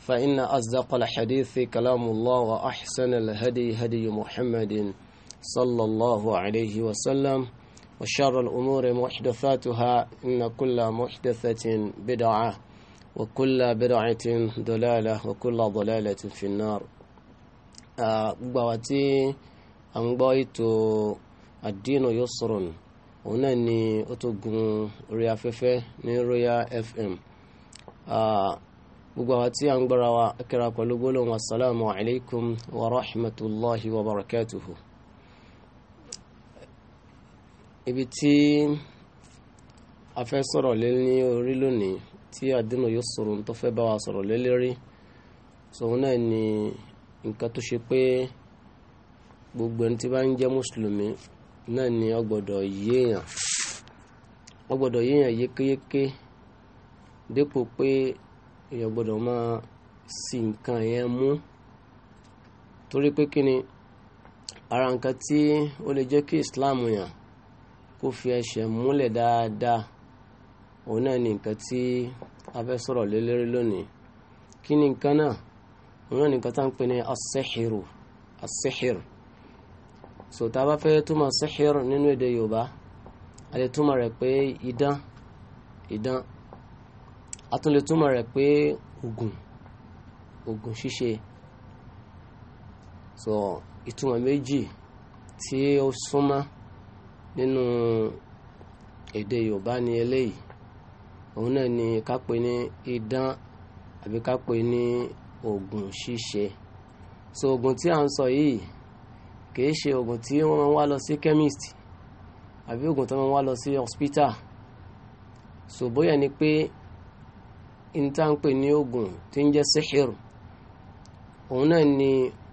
فإن أصدق الحديث كلام الله وأحسن الهدي هدي محمد صلى الله عليه وسلم وشر الأمور محدثاتها إن كل محدثة بدعة وكل بدعة ضلالة وكل ضلالة في النار gbawati آه، an الدين يسر àdínú أتقن òun náà ni ó tó gun fm gbogbo àwọn tí a ń gbọ́ra wa kíra pẹ̀lú gbólóhùn assalamu alaikum wa rahmatulahi wa barakatuhu ibi tí a fẹ́ sọ̀rọ̀ lé ní orí lónìí tí àdínà yóò sọ̀rọ̀ tó fẹ́ bá wa sọ̀rọ̀ lé lérí sòun náà ni nǹkan tó ṣe pé gbogbo ẹni tí bá ń jẹ́ mùsùlùmí náà ni ó yéèyàn ó yéèyàn yékéyéké dépò pé èèyàn gbọ́dọ̀ máa si nǹkan yẹn mú torí pé kí ni ara nǹkan tí ó lè jẹ́ kí Islam yàn kó fi ẹsẹ̀ múlẹ̀ dáadáa òun náà ni nǹkan tí a fẹ́ sọ̀rọ̀ lé lérí lónìí kí ni nǹkan náà òun náà ni nǹkan tá à ń pè ní asẹ́hìrù asẹ́hìrù so tá a bá fẹ́ túmọ̀ asẹ́hìrù nínú èdè Yorùbá a lè túmọ̀ rẹ̀ pé idán idán a tún lè túmọ̀ rẹ̀ pé oògùn oògùn ṣíṣe so ìtumọ̀ méjì tí ó súnmọ́ nínú èdè Yorùbá ni eléyìí òun náà ni ká pè ní idán àbí ká pè ní oògùn ṣíṣe so oògùn tí a ń sọ yìí kìí ṣe oògùn tí wọ́n máa ń wá lọ sí chemist àbí oògùn tí wọ́n máa ń wá lọ sí hospital so bóyá ni pé ìntànpè ní oògùn tí ń jẹ́ sẹ́hìrù òun náà ni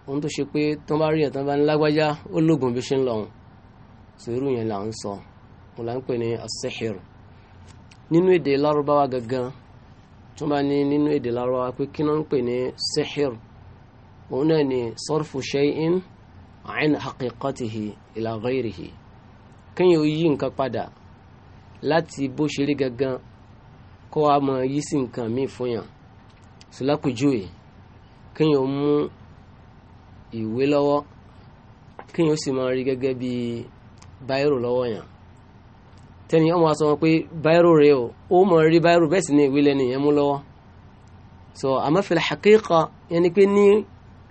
òun tó ṣe pé tó bá rí ẹ̀tàn bá ń lágbájá ó lóògùn bí ṣe ń lọ́hùn sòrú yẹn là ń sọ òun là ń pè ní asẹ́hìrù nínú èdè lárúbáwá gangan tó bá ní nínú èdè lárúbáwá pé kí náà ń pè ní sẹ́hìrù òun náà ni sọ́rfù ṣẹ́yìn àìn haqiqatihi ila ghairihi kéèyàn yí nǹkan padà láti bó ṣe rí gangan kó wa mọ yí sí nǹkan míì fún yàn sùlákùjúwe kéèyàn mú ìwé lọ́wọ́ kéèyàn ó sì máa rí gẹ́gẹ́ bí báírò lọ́wọ́ yàn tẹ́ni ọmọ sọ wọn pé báírò rẹ o ó mọ rí báírò bẹ́ẹ̀ sì ni ìwé lẹ́nu yẹn mú lọ́wọ́ so àmọ́ fil haqiqa yẹn ni pé ní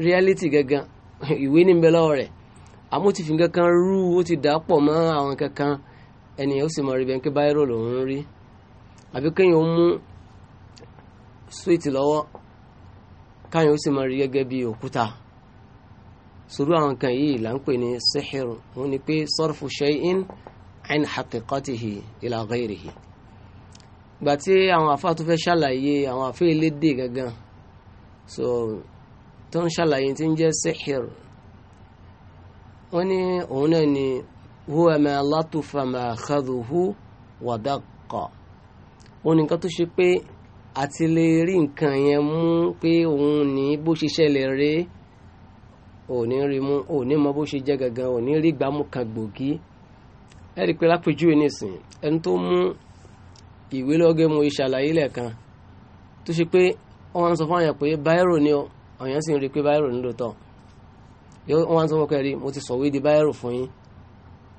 reality gangan ìwé ní bẹ lọ́wọ́ rẹ̀ àmọ́ ti fi nǹkan kan rú ó ti dà pọ̀ mọ́ àwọn kankan ẹnìyẹn ó sì mọ rí bẹ́ẹ̀ pé báírò lòún rí àbí kéèyàn mú súwìtì lọ́wọ́ káyọ̀ ó sì máa rí gẹ́gẹ́ bí òkúta sùúrù àwọn kan yìí là ń pè ní sihiru òun ni pé sarfu shay'in an haqiqatihi ila ghayrihi gbà tí àwọn àfáà tó fẹ́ ṣàlàyé àwọn àfẹ́ elédè gangan so tó ń ṣàlàyé tí ń jẹ́ sihiru wọ́n ní òun náà ni huwa ma latufa ma khadhuhu òun nìkan tó ṣe pé àti lè rí nǹkan yẹn mú pé òun ní bó ṣe ṣẹlẹ̀ rè é òní rí mú òní mọ bó ṣe jẹ́ gangan òní rí gbámú kan gbòógì ẹ rí i pé lápèjúwe nìsín ẹni tó mú ìwé lọ́gẹ́ mu ìṣàlàyé lẹ́ẹ̀kan tó ṣe pé wọ́n sọ fún àyàn pé báírò ni ọ ọ̀yàn sì ń rí i pé báírò ni lóòótọ́ wọ́n sọ fún kẹrin mo ti sọ̀wé di báírò fún yín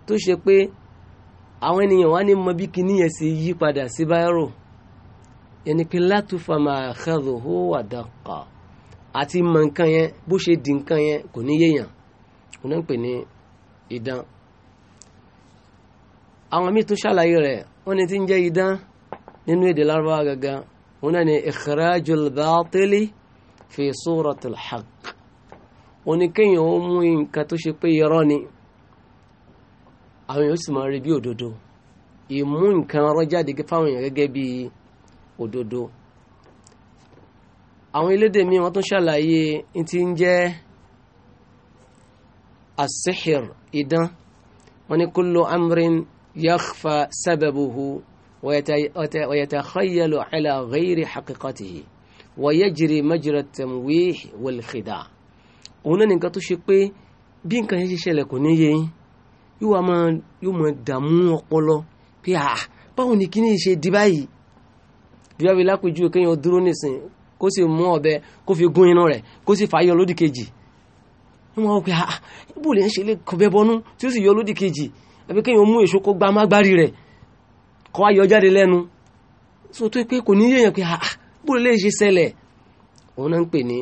tó ṣe pé àwọn ènìyàn wá ní mọ bí kinní yẹn ṣe yí padà sí báírò. Si yẹn ni pé látúfà máa xẹ́rù hó wà dàkà àti mọ nǹkan yẹn bó ṣe di nǹkan yẹn kò ní yéèyàn òun náà ń pè ní idán àwọn míì tún ṣàlàyé rẹ̀ wọ́n ní ti ń jẹ́ idán nínú èdè lárúbáwá gangan òun náà ni ikhrajul batili fi suratil haqq òun ni kéèyàn ó mú nǹkan tó ṣe pé irọ́ ni àwọn yóò sì máa rí bí òdodo ìmú nǹkan ọrọ̀ fáwọn èèyàn gẹ́gẹ́ bíi òdodo àwọn elédè míì wọ́n tún ṣàlàyé n ti ń jẹ́ asihir idán wọ́n ní kullu amrin yakhfa sababuhu ويتخيل على غير حقيقته ويجري مجرى التمويه والخداع òun náà nìkan tó ṣe pé bí nǹkan yẹn ṣe ṣẹlẹ̀ kò ní yé yóò máa dààmú ọpọlọ pé báwo ni kíní ṣe di báyìí bí wàá fi lápèjúwe kéèyàn dúró nísìn kó sì mú ọ̀bẹ kó fi gún inú rẹ̀ kó sì fà á yọ lódì kejì wọn wọ pé ah ibò lè ń ṣe lè kọbẹ bọnú tí ó sì yọ lódì kejì àbí kéèyàn mú èso kó gba amágbárí rẹ̀ kó wá jáde lẹ́nu so tó pé kò ní yéèyàn pé ah, ah ibò lè ṣe ṣẹlẹ̀ òun náà ń pè ní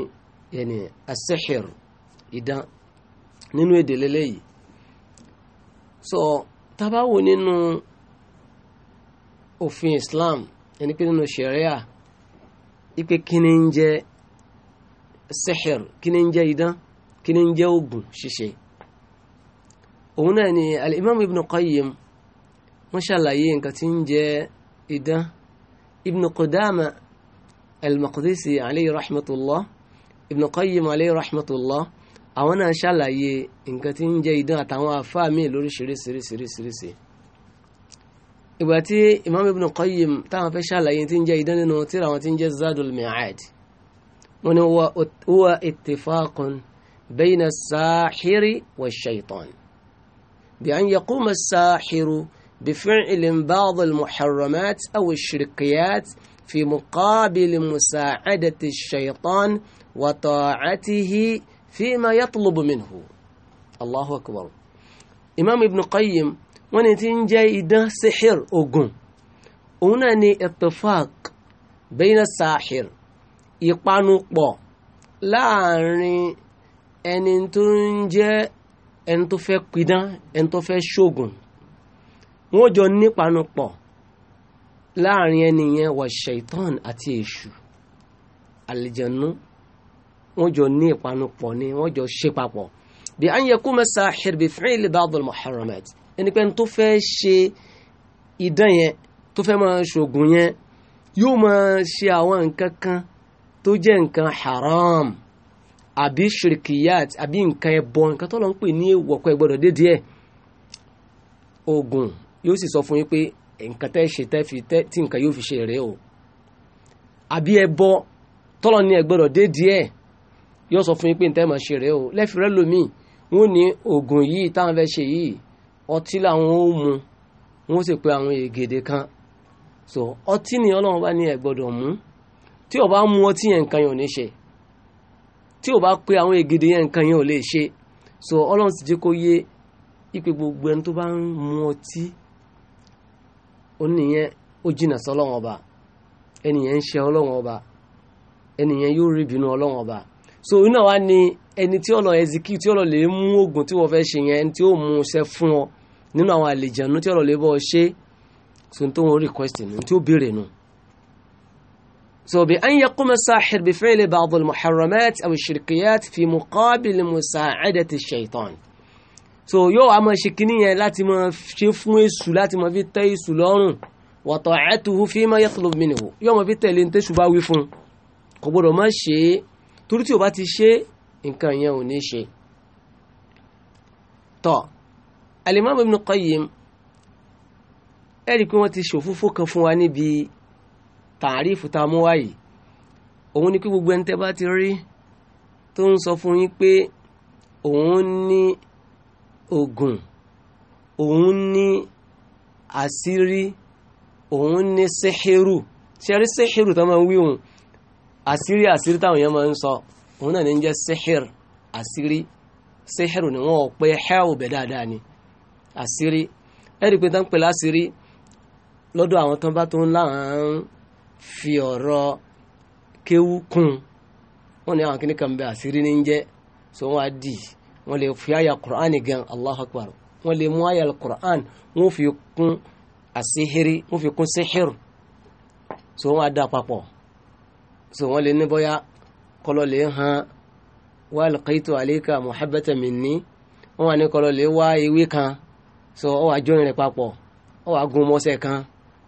ẹni asẹ́hẹ̀rù ìdán nínú èdè lélẹ́yìí so tábà nínú òfin Islam ẹni pé nínú ṣẹ̀ríà ipe kíni ń jẹ́ sẹ́hẹ̀r kíni ń jẹ́ idán kíni ń jẹ́ oògùn ṣíṣe òun náà ni al-imam ibn qayyim wọ́n ṣàlàyé nǹkan tí ń jẹ́ idán ibn qudama al-maqdisi alayhi rahmatullah ibn qayyim alayhi rahmatullah àwọn náà ṣàlàyé nǹkan tí ń jẹ́ idán àtàwọn àfáà míì ìgbà tí imam ibn qayyim táwọn fẹ́ ṣàlàyé tí ń jẹ́ idán nínú tíra wọn tí ń jẹ́ zadul mi'ad wọn ni huwa ittifaqun bayna as-sahiri wa shaitan bi an yaquma as-sahiru bi fi'lin ba'd al-muharramat aw ash-shirkiyat fi muqabil musa'adati ash-shaitan wa ta'atihi fi ma yatlubu minhu allahu akbar imam ibn qayyim wọ́n ní tí ń jẹ́ idán sihir ogun òun náà ni ittifaq bayna sahir ìpanupọ̀ láàrin ẹni tó ń jẹ́ ẹni tó fẹ́ pidán ẹni tó fẹ́ ṣoògùn wọ́n jọ nípanupọ̀ láàrin ẹni yẹn wà ṣaitan àti èṣù àlìjẹ̀nú wọ́n jọ ní ìpanupọ̀ ni wọ́n jọ ṣe papọ̀ bí an yakuma sahir bi fi'li ba'd ẹni pé ẹni tó fẹ́ ṣe idán yẹn tó fẹ́ máa ṣògùn yẹn yóò máa ṣe àwọn nǹkan kan tó jẹ́ nǹkan haram àbí shirikiyat àbí nǹkan ẹbọ nǹkan tó lọ ń pè ní ìwọ̀kọ̀ ẹgbọ́dọ̀ dédìí ẹ̀ oògùn yóò sì sọ fún yín pé nǹkan tẹ́ ṣe tẹ́ fi tẹ́ tí nǹkan yóò fi ṣe rèé o àbí ẹbọ tọ́lọ̀ ní ẹgbọ́dọ̀ dédìí yóò sọ fún yín pé nǹkan tẹ́ máa ṣe rèé o lẹ́fìrẹ́ lomi wọn ò ní oògùn yìí táwọn fẹ́ ṣe yìí ọtí làwọn ó mu wọn sì pe àwọn ègèdè kan so ọtí ni ọlọ́run bá ní ẹ gbọ́dọ̀ mú tí o bá mú ọtí yẹn nǹkan yẹn ò ní ṣe tí o bá pe àwọn ègèdè yẹn nǹkan yẹn ò lè ṣe so ọlọ́run sì jẹ́ kó yé ipe gbogbo ẹni tó bá ń mu ọtí oníyẹn ó jìnà sí ọlọ́run ọba ẹnìyẹn ń ṣe ọlọ́run ọba ẹnìyẹn yóò rí ìbínú ọlọ́run ọba so iná wa ni ẹni tí ó lọ tí ó lè mú oògùn tí wọ́n fẹ́ ṣe yẹn tí ó mú ṣe fún ọ nínú àwọn àlejànú tí ọ̀rọ̀ lè bọ́ ṣe sun tó wọn request nù tí ó béèrè nù. so bí an yaquma as-sahir bi fi'li ba'd al-muharramat aw ash-shirkiyat fi muqabil musa'adati ash so yóò wá máa ṣe kíní yẹn láti máa ṣe fún èṣù láti máa fi tẹ́ èṣù lọ́rùn wa ta'atuhu fima yatlub minhu yóò máa fi tẹ̀lé ní tẹ́ṣù bá wí fún kò gbọ́dọ̀ má ṣe é o bá ti ṣe nǹkan yẹn ò ní ṣe alimami ibn qayyim ẹ̀rí pé wọ́n ti ṣòfófó kan fún wa níbi tààrífù tá a mú wáyìí òun ni kí gbogbo ẹni tẹ́ bá ti rí tó ń sọ fún yín pé òun ní oògùn òun ní àṣírí òun ní sẹ́hẹ́rù ṣẹ́rí sẹ́hẹ́rù tó máa ń wí òun àṣírí àṣírí táwọn èèyàn máa ń sọ òun náà ní jẹ́ sẹ́hẹ́rù àṣírí sẹ́hẹ́rù ni wọ́n pẹ́ hẹ́ọ̀ bẹ̀ dáadáa ni àṣírí ẹ̀rí pé tán pè láṣírí lọ́dọ̀ àwọn tán bá tó ń láwọn fi ọ̀rọ̀ kéwú kún wọn ni àwọn kìnnì kan bẹ àṣírí ní jẹ́ so wọn á dì wọn lè fi àyà Qur'an gan Allahu Akbar wọn lè mú àyà Qur'an wọn fi kún àṣírí wọn fi kún síhìr so wọn á dà papọ̀ so wọn lè ní bóyá kọlọ lè hàn wa alqaitu alayka muhabbatan minni wọn wà ní kọlọ lè wá ewé kan so ọ wá jọyìn rẹ̀ papọ̀ ọ wá gun mọ́sẹ̀ kan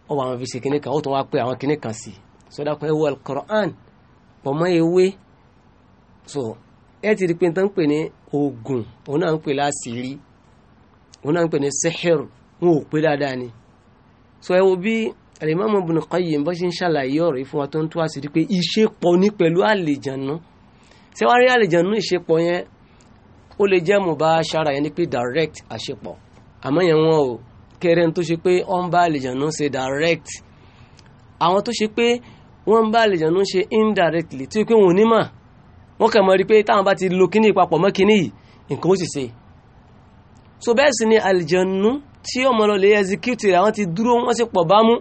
ọ wá àwọn fi ṣe kinní ó tún wá pé àwọn kinní sí so dákun ẹ wọ alukoran pọ̀mọ́ ewé so ẹ ti di pé nǹkan pè ní oògùn òun náà ń pè láṣìírí òun náà ń pè ní sehir wọn ò pé dáadáa ni so ẹ wo bí alimami Ibn Qayyim bó ṣe ń ṣàlàyé ọ̀rọ̀ ìfún wa tó ń tó àṣírí pé ìṣepọ̀ ní pẹ̀lú àlejànú ṣé wàá rí àlejànú ìṣepọ̀ yẹn ó lè jẹ́ mubashara yẹn ni pé direct àṣepọ̀ àmọ́ yẹn wọn ò kéré tó ṣe pé wọ́n ń bá àlejànú ṣe direct àwọn tó ṣe pé wọ́n ń bá àlejànú ṣe indirectly tó yẹ pé wọn ò ní mà wọ́n kàn mọ́ rí i pé táwọn bá ti lo kíní ìpapọ̀ mọ́ kíní yìí nǹkan ó sì ṣe so bẹ́ẹ̀ sì ni àlejànú tí ọmọ lọ lè execute àwọn ti dúró wọ́n sì pọ̀ bámú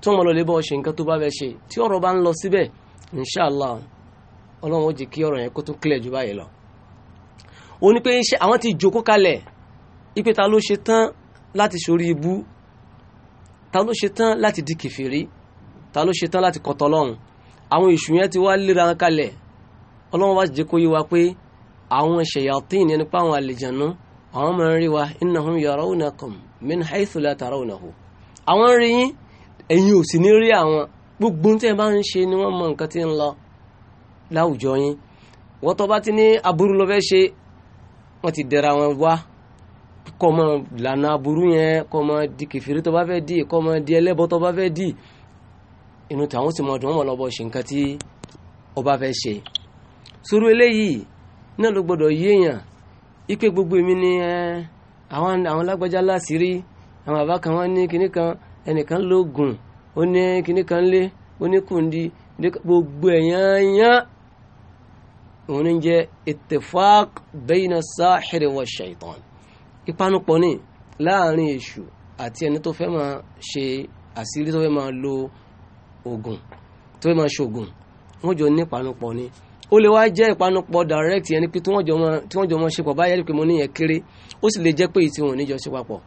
tí ọmọ lọ lè bọ́ ṣe nǹkan tó bá fẹ́ ṣe tí ọ̀rọ̀ bá ń lọ síbẹ̀ inshallah ọlọ́run ó jẹ́ kí ọ̀rọ̀ yẹn kó tún clear ju báyìí lọ. ó ní pé àwọn ti jókòó kalẹ̀ ipe ta ló ṣe tán láti ṣorí ibú ta ló ṣe tán láti di kèfèrí ta ló ṣe tán láti kọ̀tọ̀ ọlọ́run àwọn èṣù yẹn ti wá léra kalẹ̀ ọlọ́run wá jẹ́ kó yé wa pé àwọn ṣèyàtìn yẹn nípa àwọn àlejànú àwọn máa ń rí wa innahum yarawnakum min haythu la tarawnahu àwọn ń rí yín ẹ̀yin ò sì ní rí àwọn gbogbo tí ẹ bá ń ṣe ni wọ́n mọ nǹkan tí ń lọ láwùjọ yín wọ́n tó bá ti ní aburú lọ fẹ́ ṣe wọ́n ti dẹ̀ra wọn wá kọ́mọ lànà aburú yẹn kọ́mọ di kẹfìrí tó bá fẹ́ di kọ́mọ di ẹlẹ́bọ tó bá fẹ́ di inú tàwọn sì mọ ọdún wọn lọ́bọ̀ ṣe nǹkan tí ọba fẹ́ ṣe sórí eléyìí náà ló gbọdọ̀ yéèyàn ipe gbogbo èmi ni àwọn àwọn lágbájá láṣìírí àwọn bàbá kan wọn ní kinní kan ẹnìkan lóògùn ó ní kinní kan lé ó ní kùndí gbogbo ẹ̀yàn òun ní jẹ́ ittifaq bayna sahiri wa shaitan ìpanupọ̀ ni láàrin èṣù àti ẹni tó fẹ́ máa ṣe àṣírí tó fẹ́ máa lo oògùn tó fẹ́ máa ṣoògùn wọ́n jọ ní ìpanupọ̀ ni ó lè wá jẹ́ ìpanupọ̀ direct yẹn ni pé tí wọ́n jọ mọ ṣe pọ̀ báyẹ̀ ni pé mo níyẹn kéré ó sì lè jẹ́ pé ìtì wọn ò ní jọ ṣe papọ̀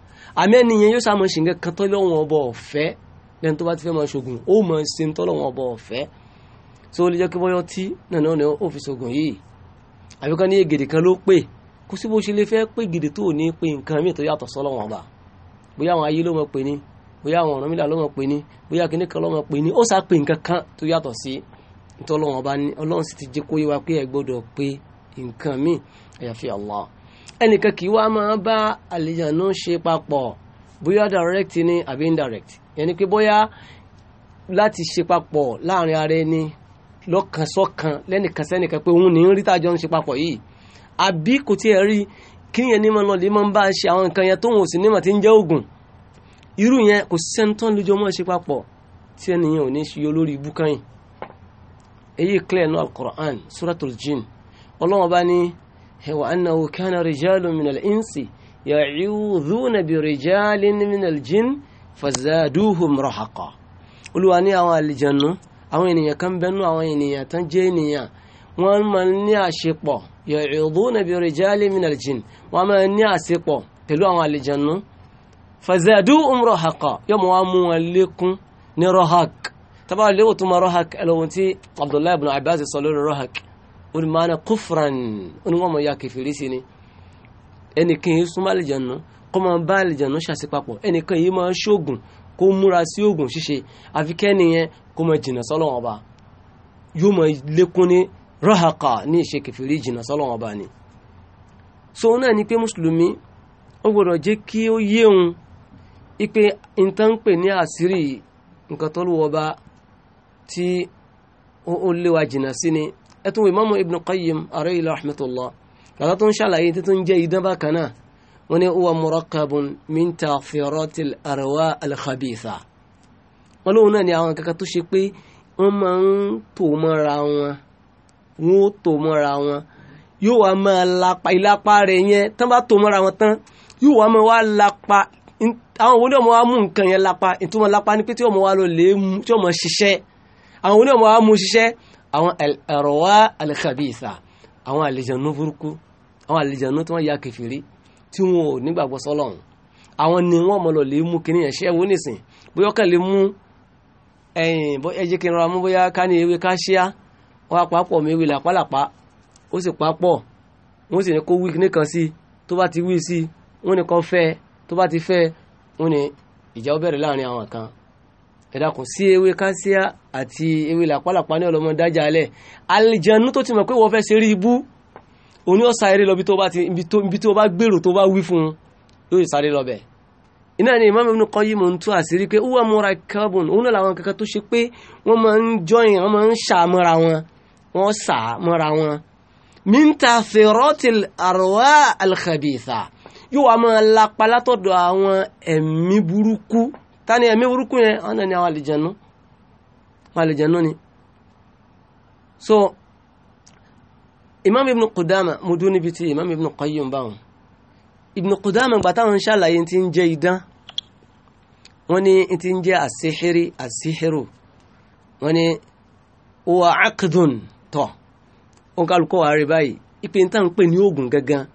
àmì ẹni yẹn yóò sàmọ̀ ṣìǹkẹ́ kan tó lọ́wọ́n ọbọ̀ ọ̀fẹ́ lẹ́nu tó bá ti fẹ́ máa ṣoògùn ó mọ̀ ṣe tó lọ́wọ́n ọbọ̀ ọ̀fẹ́ tó lè jẹ́ pé bọ́yọ́ tí nàná ọ̀nà ó fi ṣoògùn yìí àbíkan ní ègèdè kan ló pè kò sí bó ṣe lè fẹ́ pé gidi tó ní pé nǹkan míì tó yàtọ̀ sọ́lọ́wọ́n ọba bóyá àwọn ayé ló mọ̀ pé ní bóyá àwọn Ọ̀rúnmìlà ló mọ̀ pé ní bóyá kíní kan ló mọ̀ pé ní ó sá pé nǹkan kan tó yàtọ̀ sí tọ́lọ́wọ́n ọba ní ọlọ́run sì ti jẹ́ kó yé wa pé ẹ gbọ́dọ̀ pé nǹkan míì àyàfi Allah ẹnìkan kì í wá máa bá àlejànú ṣe papọ̀ bóyá direct ni àbí indirect yẹnni pé bóyá láti ṣe papọ̀ láàrin ara ẹni lọ́kàn sọ́kàn lẹ́nìkan sẹ́nìkan pé òun ní ń rí tájọ́ ń ṣe papọ̀ yìí àbí kò tiẹ̀ rí kí yẹn ní ma lọ lè máa ń bá ṣe àwọn nǹkan yẹn tó ń wò sí nímọ̀ tí ń jẹ́ oògùn irú yẹn kò sẹ́ńtọ́n lójó mọ́ ṣe papọ̀ tí ẹnìyàn ò ní ṣe olórí ibú kan yìí èyí clear nu al-Qur'an suratul jinn ọlọ́wọ́n bá ní wa annahu kana rijalun minal insi ya'udhuna bi rijalin minal jinn fazaduhum rahaqa olúwa ní àwọn àlìjànú àwọn ènìyàn kan bẹ́nu àwọn ènìyàn tán jẹ́ ènìyàn wọ́n máa ń ní àṣepọ̀ ya'uduna bi rijalin minal jinn wọ́n máa ní àṣepọ̀ pẹ̀lú àwọn àlejànú fazadu um rahaqa yóò mọ̀ wọ́n mú wọn lékún ní rohak tábà léwò tó ma rohak ẹlòmùn tí abdullahi ibn abbas sọ lórí rohak ó ní maana kufran ó ní wọ́n mọ̀ ya kẹfìrí sí ni ẹnìkan yìí súnmọ́ àlejànú kó máa bá àlejànú ṣàṣepapọ̀ ẹnìkan yìí máa ṣoògùn kó múra sí òògùn ṣíṣe àfikẹ́niyẹn kó máa jìnnà sọ́lọ́wọ́n ọba yóò máa lékún ní rọ́hàkà ní ìṣe kẹfìrí jìnnà sọ́lọ́wọ́n ọba ni so náà ni pé mùsùlùmí ó gbọ́dọ̀ jẹ́ kí ó yéun ipe ìtànpè ní àṣírí nǹkan tó lówó ọba tí ó léwa jìnnà sí ni ẹtùn ìmáàmù ibn qayyim alayhi rahmatullah kàtà tó ń ṣàlàyé tí tó ń jẹ́ idán bákan náà wọ́n ní huwa murakkabun min ta'thiratil arwa al-khabitha wọ́n lóun náà ni àwọn kankan tó ṣe pé wọ́n máa ń tò mọ́ra wọn wọn ó tò mọ́ra wọn yóò wá máa lapa ìlapa rẹ̀ yẹn tán bá tò mọ́ra wọn tán yóò wá máa wá lapa àwọn òwúlẹ̀ ọmọ wa mú nǹkan yẹn lapa ìtumọ̀ lapa ni pé tí ọmọ wa lọ lè mú tí ọmọ ṣiṣẹ́ àwọn òwúlẹ̀ ọmọ wa mú ṣiṣẹ́ àwọn ẹ̀rọ wa al-khabitha àwọn àlejànú burúkú àwọn àlejànú tí wọ́n ya kẹfìrí tí wọn ò nígbàgbọ́ sọ́lọ́run àwọn ni wọ́n mọ̀ lọ lè mú kíní yẹn ṣẹ́ wọ́n nìsín bóyá ọkàn lè mú ẹ̀yìn ẹ̀jẹ̀ kí n ra mú bóyá ká ní ewé ká ṣíá wọ́n á papọ̀ méwì làpálàpá ó sì papọ̀ wọ́n sì ní kó wí nìkan sí tó bá ti wí sí wọ́n ní kan fẹ́ tó bá ti fẹ́ wọ́n ní ìjà ó bẹ̀rẹ̀ láàrin àwọn kan ẹ dákun sí ewé kásíá àti ewé làpálàpá ní ọlọmọ dájà alẹ àlìjẹnu tó ti mọ̀ pé wọ́n fẹ́ ṣe rí ibú òní ọ̀sà eré lọ ibi tó bá gbèrò tó bá wí fún un yóò sáré lọ bẹ́ẹ̀ iná ni Imam Ibn Qayyim ń tú àṣírí pé ó wà mọ́ra kẹ́bùn òun náà làwọn kankan tó ṣe pé wọ́n máa ń jọyìn wọ́n máa ń ṣàmọ́ra wọn wọ́n sà mọ́ra wọn minta ferotil arwa alkhabitha yóò wá máa lapa látọ̀dọ̀ àwọn ẹ̀mí burúkú tani ẹ̀mí burúkú yẹn wọ́n náà ni àwọn àlìjẹ̀nú àwọn àlìjẹ̀nú ni so imam ibn qudama mo dún níbi tí imam ibn qayyim báwọn ibn qudama gbà táwọn ṣàlàyé ti ń jẹ idán wọ́n ní ti ń jẹ àṣíhírí àṣíhírò wọ́n ní wà ákìdùn tọ wọn kálukọ́ wa rí báyìí ìpè ń tàn pè ní oògùn gangan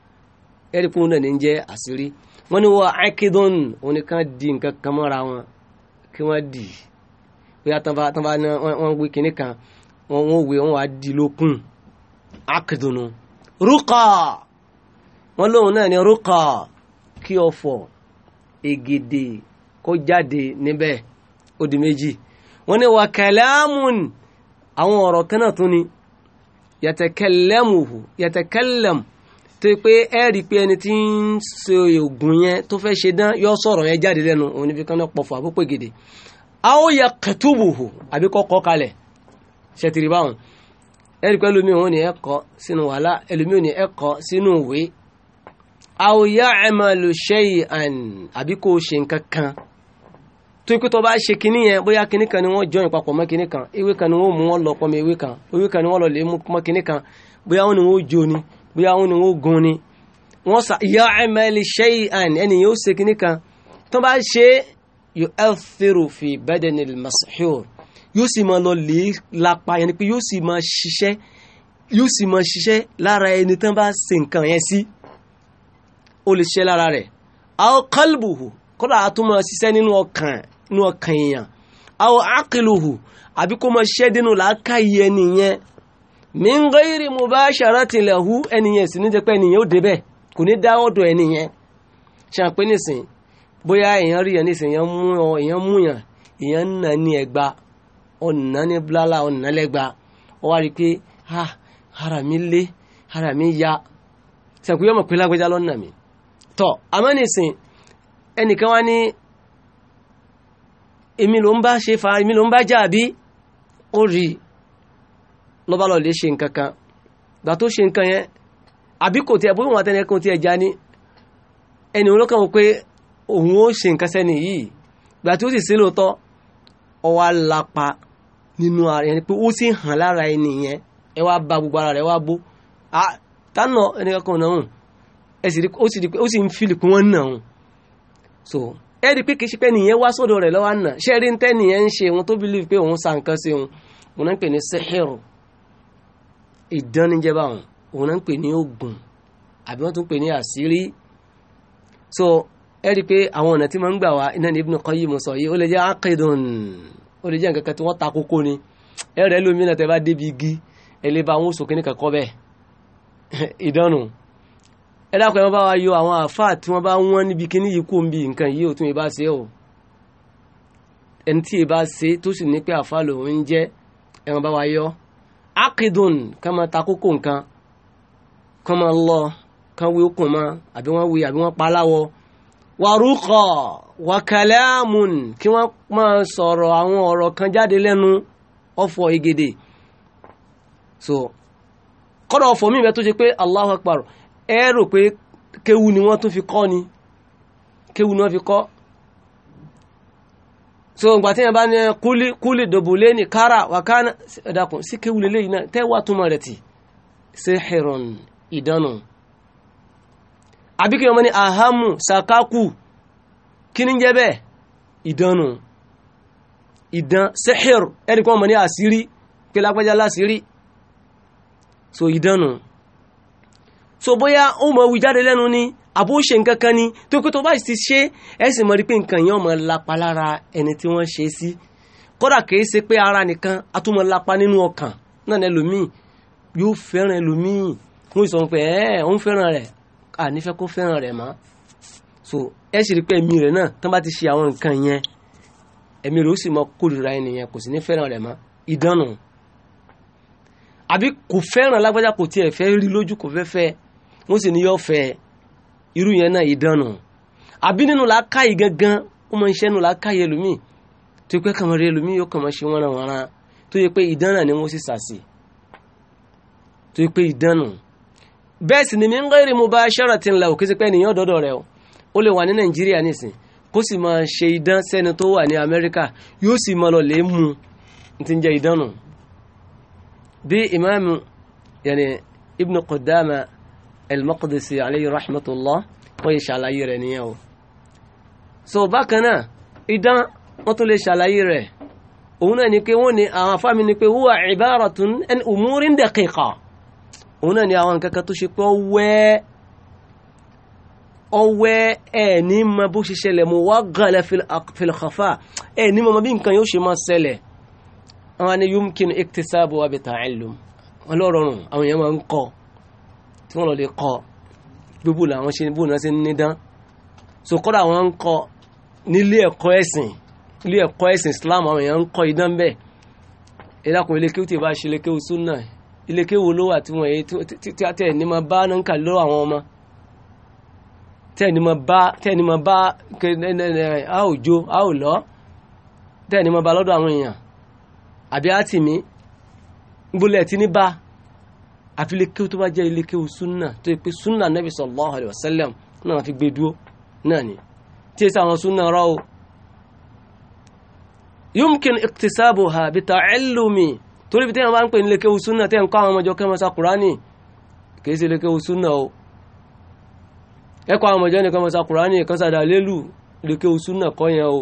ẹ̀rí pé náà ní àṣírí wọ́n ní di nǹkan kan wọn kí wọ́n di bóyá tán bá tán bá ní kan wé di lókun akidonu rúkà wọn lóun náà ní rúkà kí ọfọ ègèdè kó jáde níbẹ̀ ó di méjì wọ́n ní wà yàtẹ̀kẹ́lẹ́mùhù yàtẹ̀kẹ́lẹ́mù tó pé ẹ rí i pé ẹni tí ń ṣe oògùn yẹn tó fẹ́ ṣe dán yọ sọ̀rọ̀ yẹn jáde lẹ́nu òun níbi kan náà pọ̀fọ̀ àbúpẹ́ gèdè àwọn yà kẹtùbùhù àbí kọ́kọ́ kalẹ̀ ṣètìrì báwọn ẹ rí i pé ẹlòmíì òun ni ẹ kọ́ sínú wàhálà ẹlòmíì òun ni ẹ kọ́ sínú ìwé àwọn yà ẹ̀mà lò ṣẹ́yìn àbí kò ṣe nǹkan kan tó ikú tó bá ṣe kinní yẹn bóyá kinní kan ni wọ́n jọyìn papọ̀ mọ́ kinní kan ewé kan ni wọ́n mú wọn lọ pọ̀ mọ́ ewé kan ewé kan ni wọ́n lọ lè mú mọ́ kinní kan bóyá wọn ni wọ́n jó ni bóyá wọn ni wọ́n gun ni wọ́n sà yá ẹ̀mẹ́lì shay'an ẹni yóò ṣe kinní kan tó bá ṣe yu'athiru fi badanil mashur yóò sì máa lọ lè lápá yẹn ni pé yóò sì máa ṣiṣẹ́ yóò sì máa ṣiṣẹ́ lára ẹni tán bá ṣe nǹkan yẹn sí ó lè ṣiṣẹ́ lára rẹ̀ aw qalbuhu kọ́dà nú ọkàn èèyàn àwọn àkìlùhù àbí kó mọ ṣẹ́ dínú làákàyè ẹni yẹn mi ń gẹ́rì mo bá ṣàrátì lẹ̀hú ẹni yẹn sì ní jẹ́ pé ẹni yẹn ó débẹ̀ kò ní dá ọ̀dọ̀ ẹni ṣàpé nìsín bóyá èèyàn rí yẹn nìsín èèyàn mú ọ èèyàn mú yàn èèyàn nà ní ẹgba ọ̀nà ní blala ọ̀nà lẹ́gba ọ wá rí pé ha ara mi lé ara mi ya ṣàpé yọmọ pé lágbèjà lọ́nà mi tọ́ àmọ́ nìsín ẹnìkan wá ní èmi ló ń bá ṣe fa èmi ló ń bá jà bí ó rí lọ́ba lọ́ọ́ lè ṣe nǹkan kan gbà tó ṣe nǹkan yẹn àbí kò tiẹ̀ bóyá wọn àtẹnìyàn kan tiẹ̀ já ní ẹni wọn lọ́kàn wọn pé òun ó ṣe nǹkan sẹ́ni yìí gbà tí ó sì sí lóòótọ́ ọwọ́ alápa nínú ara ẹni pé ó sì hàn lára ẹni yẹn ẹ wá ba gbogbo ara rẹ wá bó tánà ẹnìkan kan náà ẹ sì rí ó sì ń fìlì pé wọ́n náà so ẹ rí i pé kì í ṣe pé nìyẹn wá sọ́dọ̀ rẹ̀ lọ́wọ́ àná ṣé rí tẹ́ nìyẹn ń ṣe òun tó believe pé òun sa nǹkan sí òun òun náà ń pè ní sẹ́hẹ̀rù ìdánníjẹba òun òun náà ń pè ní oògùn àbí wọ́n tún pè ní àṣírí so ẹ rí i pé àwọn ọ̀nà tí wọ́n ń gbà wá iná ní Ibn Qayyim sọ yìí ó lè jẹ́ ákìdùn ó lè jẹ́ nǹkan kan tí wọ́n ta kókó ni ẹ rẹ̀ lómi náà tẹ́ bá débi igi ẹ ẹ dákun ẹ wọ́n bá wa yọ àwọn àfáà tí wọ́n bá wọ́n níbi kíní yìí kó ń bi nǹkan yìí ò tún ìbá ṣe o ẹni tí ìbá ṣe tó sì ní pé àfáà lòun ń jẹ́ ẹ bá wa yọ akidun kàn máa ta kókó nǹkan kàn máa lọ kàn wí okùn mọ́ àbí wọ́n wí àbí wọ́n pa aláwọ̀ wàrúkọ̀ wàkàlẹ́àmùn kí wọ́n máa sọ̀rọ̀ àwọn ọ̀rọ̀ kan jáde lẹ́nu ọ̀fọ̀ ìgèdè so kọ́dọ̀ ọ̀fọ̀ mi bẹ́ẹ̀ tó ṣe pé Allahu Akbar ẹ rò pé kéwu ni wọ́n tún fi kọ́ ni kéwu ni wọ́n fi kọ́ so ìgbà tí yẹn bá ní kúlì kúlì dòbòlé ní kára wàkánà ẹ̀dàkùn sí kéwu lélẹ́ yìí náà tẹ́wà túmọ̀ rẹ̀ tì sehron ìdánù àbí kí ní ahamu sakaku kí ni jẹ́ bẹ́ẹ̀ ìdánù ìdán sehir ẹni kí wọ́n mọ̀ ní àṣírí pé lápẹ́jà láṣírí so ìdánù so bóyá ó mọ wí jáde lẹ́nu ni àbó ṣe nǹkan kan ni tó kó tó bá ti ṣe ẹ sì mọ rí pé nǹkan yẹn ọmọ lapa lára ẹni tí wọ́n ṣe sí kódà kìí ṣe pé ara nìkan a lapa nínú ọkàn náà ní ẹlòmíì yóò fẹ́ràn ẹlòmíì wọ́n sọ pé ẹ òun fẹ́ràn rẹ̀ à kó fẹ́ràn rẹ̀ mọ́ so ẹ sì rí pé ẹ̀mí rẹ̀ náà tán bá ti ṣe àwọn nǹkan yẹn ẹ̀mí rẹ̀ ó sì mọ kórìíra ẹnìyẹn kò sì ní fẹ́ràn rẹ̀ mọ́ ìdánù àbí kò fẹ́ràn lágbájá kò tiẹ̀ fẹ́ rí lójú kò fẹ́ fẹ́ wọ́n si ni yọ fẹ́ irú yẹn náà ìdánù àbí nínú làákàyè gangan ó máa ń ṣẹ́ nínú làákàyè ẹlòmíì tó yẹ pé kàmọ́ rí ẹlòmíì yóò kàmọ́ ṣe wọ́n ràn wọ́n rán tó yẹ pé ni wọ́n sì sàṣì tó yẹ pé ìdánù ni mi ń mo bá ṣẹ́rọ̀tì ńlá rẹ o wa ni yoo si ti Qudama al عليه رحمة الله وإن شاء الله يرنيه nìyẹn o so bákan náà idán wọ́n tún lè ṣàlàyé rẹ̀ òun náà ni pé wọ́n ní àwọn afámi ni pé huwa ibaratun an umurin daqiqa òun náà ni àwọn nǹkan kan tó ṣe pé ọwẹ́ ọwẹ́ ẹ̀ ní ma bó ṣe ṣẹlẹ̀ mo wá gàlẹ̀ fil khafa ní ma bí nǹkan yóò ṣe máa ṣẹlẹ̀ àwọn ni yumkin iktisabu wa bi ta'allum ọlọ́rọ̀rùn àwọn èèyàn máa ń kọ́ tí wọ́n lọ lè kọ́ gbogbo làwọn ṣe bó náà ṣe ń nídán so kọ́dà wọ́n ń kọ́ nílé ẹ̀kọ́ ẹ̀sìn ilé ẹ̀kọ́ ẹ̀sìn Islam àwọn èèyàn ń kọ́ idán bẹ́ẹ̀ ẹ̀dàkùn ilé kéwù tí ìbá ṣe ilé kéwù súnà ilé kéwù ló wà tí wọ́n yé tí a tẹ̀ ní ma bá náà ń kà lọ́wọ́ àwọn ọmọ tẹ́ ni mo bá tẹ́ ni mo bá a ò jó a ò lọ́ tẹ́ ni mo bá lọ́dọ̀ àwọn èèyàn àbí á tì mí gbólẹ̀ tí ní bá àfi ilé kéwù tó bá jẹ́ ilé kéwù súnà tó yẹ pé súnà nabi sallallahu alayhi wa sallam náà fi gbé dúró náà ni tí èsì àwọn súnà rọ o. yumkin iktisabuha bi ta'allumi torí bí téèyàn bá ń pè ní ilé kéwù súnà téèyàn kọ́ àwọn ọmọ ìjọ kẹ́mọ́ sa kùránì kìí ṣe ilé kéwù súnà o ẹ̀kọ́ àwọn ọmọ ìjọ nìkan sa kùránì kan sàdá lélù ilé kéwù súnà kọ́ yẹn o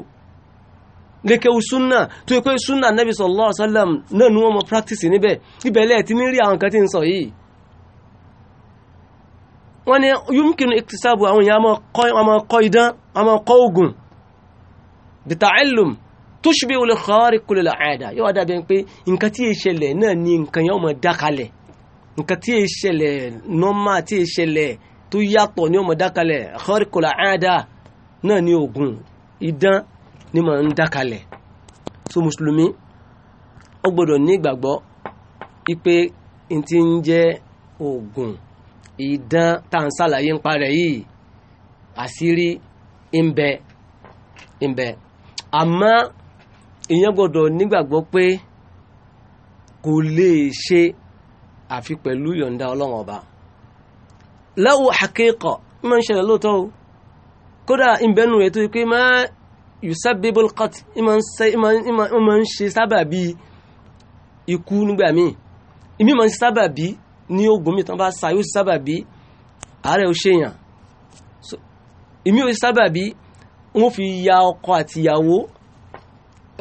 lékewu súnà tó yẹ pé súnà nẹ́bí sallallahu alaihi wasallam náà ni wọ́n mọ practice níbẹ̀ ibẹ̀lẹ̀ ti ní rí àwọn kan tí ń sọ yìí wọ́n ní yumkinu iktisabu àwọn èèyàn a máa kọ́ idán a máa kọ́ ogun bita'allum tushbi olè khariqul al'ada yóò dábẹ́ pé nǹkan tí ìṣẹ̀lẹ̀ náà ni nǹkan yẹn ó máa dákalẹ̀ nǹkan tí ìṣẹ̀lẹ̀ nọ́mà tí ìṣẹ̀lẹ̀ tó yàtọ̀ ni ó máa dákalẹ̀ khariqul al'ada náà ni ogun idán ní ma ń dákalẹ̀ so mùsùlùmí ó gbọ́dọ̀ ní ìgbàgbọ́ ipe ti ń jẹ́ oògùn ìdán tá à ń ṣàlàyé ń parẹ́ yìí àṣírí ń bẹ àmọ́ ìyẹn gbọ́dọ̀ nígbàgbọ́ pé kò lè ṣe àfi pẹ̀lú yọ̀ǹda ọlọ́run ọba lẹ́wọ̀ àkẹ́kọ̀ọ́ máa ń ṣẹlẹ̀ lóòótọ́ o kódà ìbẹ́nu rẹ̀ tó yẹ yusabibu alqat ìmọ̀ iman ṣe sábàbí ikú nígbà míì ìmí mọ̀ ń ṣe sábàbí ní ogun mi tán bá sa yóò sábàbí ààrẹ ò ṣèyàn ìmí ò sábàbí wọ́n fi ya ọkọ àti ìyàwó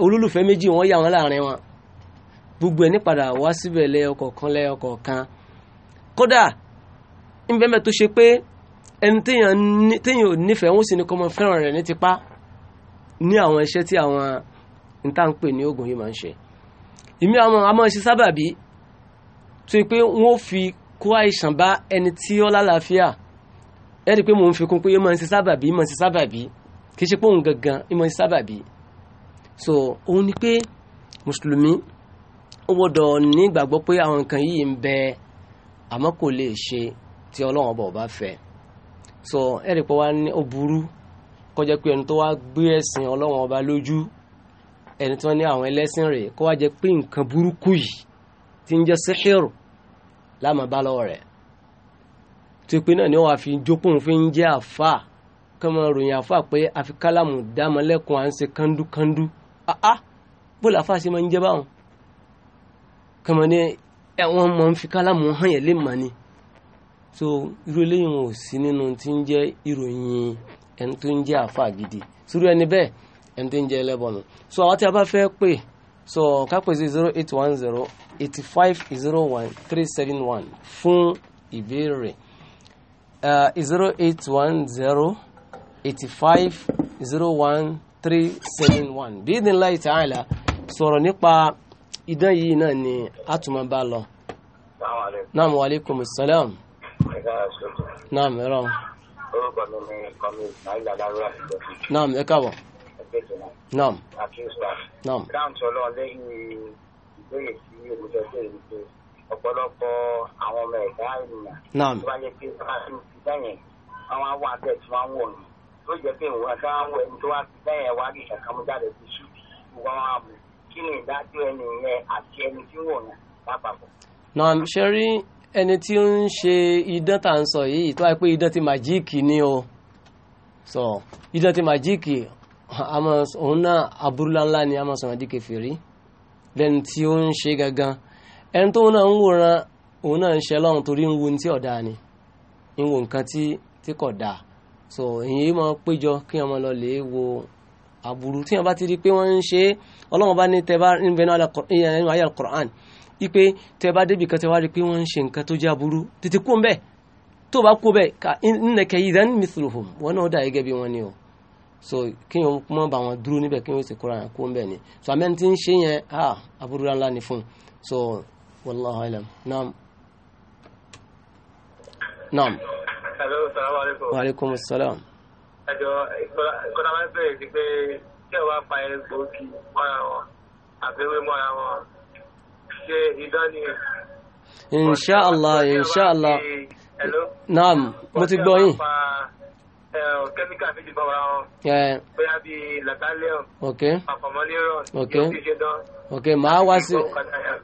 olólùfẹ́ méjì wọ́n yà wọ́n láàrin wọn gbogbo ẹ̀ ní padà wá síbẹ̀ lẹ́ọkọ̀ọ̀kan lẹ́ọkọ̀ọ̀kan kódà ń bẹ́ẹ̀ tó ṣe pé ẹni téèyàn ò nífẹ̀ẹ́ wọ́n sì ní kọ́mọ fẹ́ràn rẹ̀ ní tipá ní àwọn iṣẹ́ tí àwọn níta ń pè ní oògùn yìí máa ń ṣe ìmí àwọn amọ̀ọ́ṣe sábàbí tó yẹ pé wọ́n ó fi kó àìsàn bá ẹni tí ó lálàáfíà ẹ pé mò ń fi kún pé yóò ṣe sábàbí máa ṣe sábàbí kì í ṣe pé gangan máa ṣe sábàbí so òun ni pé mùsùlùmí ó gbọ́dọ̀ ní ìgbàgbọ́ pé àwọn nǹkan yìí ń bẹ àmọ́ kò lè ṣe tí Ọlọ́run ọba ò fẹ́ so ẹ rí pé wá ní ó burú kó jẹ́ pé ẹni tó wá gbé ẹ̀sìn ọlọ́wọ́n ọba lójú ẹni tí wọ́n ní àwọn ẹlẹ́sìn rẹ̀ kó wá jẹ́ pé nǹkan burúkú yìí ti ń jẹ́ síhìrù láàmà bá lọ́wọ́ rẹ̀ tí pé náà ni wọ́n fi jókòó fi ń jẹ́ àfà kọ́mọ ròyìn àfà pé àfi kálàmù dámọ́lẹ́kùn à ń ṣe kándúkándú àá bóòlù àfà ṣe máa ń jẹ́ báwọn kọ́mọ ní ẹ̀wọ̀n mọ̀ ń fi kálàmù hàn yẹn lè mà ni so irú eléyìí wọn ò sí nínú tí ń jẹ́ ìròyìn ẹni tó ń jẹ́ àfa gidi sùúrù ẹni bẹ́ẹ̀ ẹni tó ń jẹ́ ẹlẹ́bọ̀nù so àwọn tí a bá fẹ́ pè so ká pè sí zero eight one zero eighty five zero one three seven one fún ìbéèrè uh, zero eight one zero eighty five zero one three seven one bí ìdí ńlá ìtàhálà sọ̀rọ̀ nípa idán yìí náà ni a tún máa bá lọ. naam wa salaam. naam ẹ̀rọ orúkọ mi ni kọ́mi ismail adarúrà sílẹ̀. naam ẹ káàbọ̀. ẹgbẹ́ ìjọba. naam. akínsa. naam. dáhùn sọlọ lẹ́yìn ìbéèrè sí òmùjọ bẹ́ẹ̀ ni àwọn ọmọ ẹ̀dá ènìyàn. tó bá yẹ pé bá a ti ti àwọn awọ abẹ́ tí wọ́n wọ̀ ní tó jẹ́ pé ìwọ̀n tí wọ ẹni tó wá ti dẹ́yìn wá ní ìṣàkámú jáde ti ṣú wọ́n á mú kí ni ìdájọ́ ẹni yẹn àti ẹni tí wọ̀ náà lápapọ̀. naam ṣe ẹni tí ń ṣe idán tà ń sọ yìí tó wáyé pé idán ti màjíìkì ni o sọ idán ti màjíìkì òun náà aburúlá ńlá ni a máa sọ̀rọ̀ di kèfèrí lẹ́ni tí ó ń ṣe gangan ẹni tó náà ń wòran òun náà ń ṣe lọ́run torí ń wo ní tí ọ̀dà ni ń wo nǹkan tí kò dáa so èyí máa péjọ kí ọmọ lọ lè wo aburú tí wọn bá ti rí i pé wọn ń ṣe ọlọ́run bá ní tẹ bá ń bẹ náà ayé al-Qur'an wípé tẹ bá débi kan tẹ wá rí pé wọ́n ń ṣe nǹkan tó jẹ́ aburú tètè kó bẹ́ẹ̀ tó bá kó bẹ́ẹ̀ ká nnẹ̀kẹ́ yìí dání mithluhum wọn náà dà gẹ́gẹ́ bí wọ́n ni o so kí wọ́n mọ́ bá wọn dúró níbẹ̀ kí wọ́n sì kóra kó bẹ́ẹ̀ ni so àmẹ́ni tí ń ṣe yẹn ha aburú ńlá ni fún so wallahu alam naam naam. hello salaam aleykum. wa salaam. ẹ jọ ìkọlá máa ń bẹ̀rẹ̀ sí pé kí ọ bá pa ẹ gbòógì mọ́ra wọn àbẹ̀wé mọ́ra wọn ṣe ìdánilẹ̀. inṣàlá inṣàlá naam mo ti gbọ́ yín. kẹ́míkà fi ti bọ̀wọ̀ wọn. bóyá bíi latalẹ́ọ̀n. ok àfọ̀mọ́lérọ̀n. ok ok màá wá sí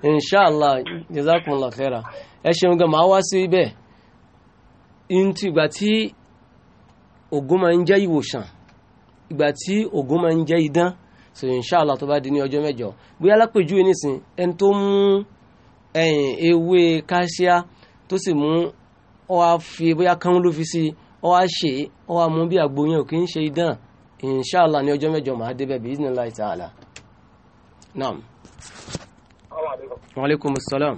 inṣàlá jazakumullah khaira ẹ ṣeun gan màá wá sí ibẹ̀ ntí ìgbà tí ògùn máa ń jẹ́ ìwòsàn ìgbà tí ògùn máa ń jẹ́ idán so inshallah tó bá di ní ọjọ́ mẹ́jọ bóyá lápèjúwe nísìn ẹni tó mú ẹyìn ewé káṣíá tó sì mú ọ wá fi bóyá kán ló fi sí ọ wá ṣe ọ wá mú bí àgbo yẹn ò kì í ṣe idán inshallah ní ọjọ́ mẹ́jọ màá débẹ̀ bí ìdílé láì tààlà. naam. waaleykum salaam.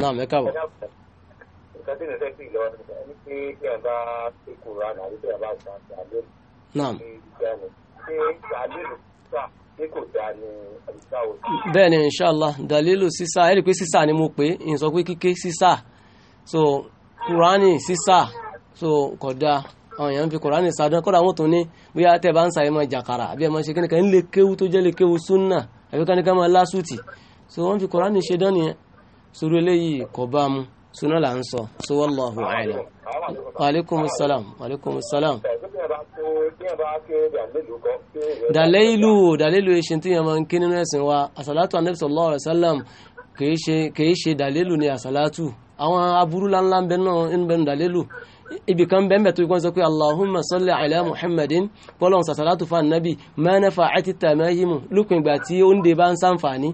naam ẹ káàbọ̀ nǹkan tí mo fẹ́ sí ìlọrin ẹni tí bí ẹ kúrò àná àbí bí ẹ bá ṣe àṣà bẹ́ẹ̀ ni inshallah dalilu sísá ẹ̀rí pé sísá ni mo pè é ìsọ pé kíké sísá so kùránì sísá so kódà àwọn èèyàn ń fi kùránì sádán kódà àwọn tó ní bóyá tẹ́ bá ń sa ẹmọ jàkàrà àbí ẹmọ ṣe kíníkà ń lè kéwu tó jẹ́ lè kéwu súnà àbí káníkà máa lásùtì so wọ́n fi kùránì ṣe dán nìyẹn sórí eléyìí kò bá mu súnà là ń sọ so wallahu a'lam. wa alaikumus salam wa alaikumus salam dàlẹ́ìlú dàlẹ́ìlú ṣe tí yẹn máa ń kí nínú ẹ̀sìn wa àsàlátù anabi sallallahu alaihi wasallam kìí ṣe dàlẹ́ìlú ni àsàlátù àwọn aburú láńlá ń bẹ náà ń bẹ dàlẹ́ìlú ibi kan bẹ́ẹ̀ tó gbọ́n sọ pé allahumma salli ala muhammadin bọ́lọ̀ sàsàlátù fún anabi ma nafa'ati tamayimu lópin ìgbà tí ó ń de bá ń sàǹfààní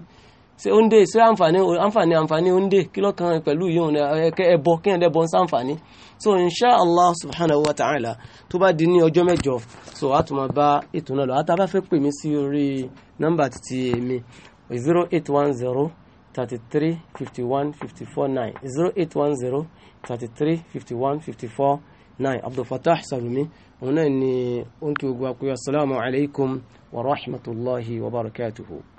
ṣe oúnjẹ ṣe àǹfààní àǹfààní àǹfààní oúnjẹ kí ló kan pẹ̀lú yóò ẹ̀kẹ́ ẹbọ kí ẹ̀dẹ́ bọ́ ń sàǹfààní so insha allah subhanahu wa ta'ala tó bá di ní ọjọ́ mẹ́jọ so a tún máa bá ètò náà lọ a ta bá fẹ́ pè mí sí orí nọ́mbà títí èmi zero eight one zero thirty three fifty one fifty four nine zero eight one zero thirty three fifty one fifty four nine abdulfatah salumi òun náà ni ó ń kí gbogbo àpéyọ asalaamu alaykum wa rahmatulahi wa barakatuhu.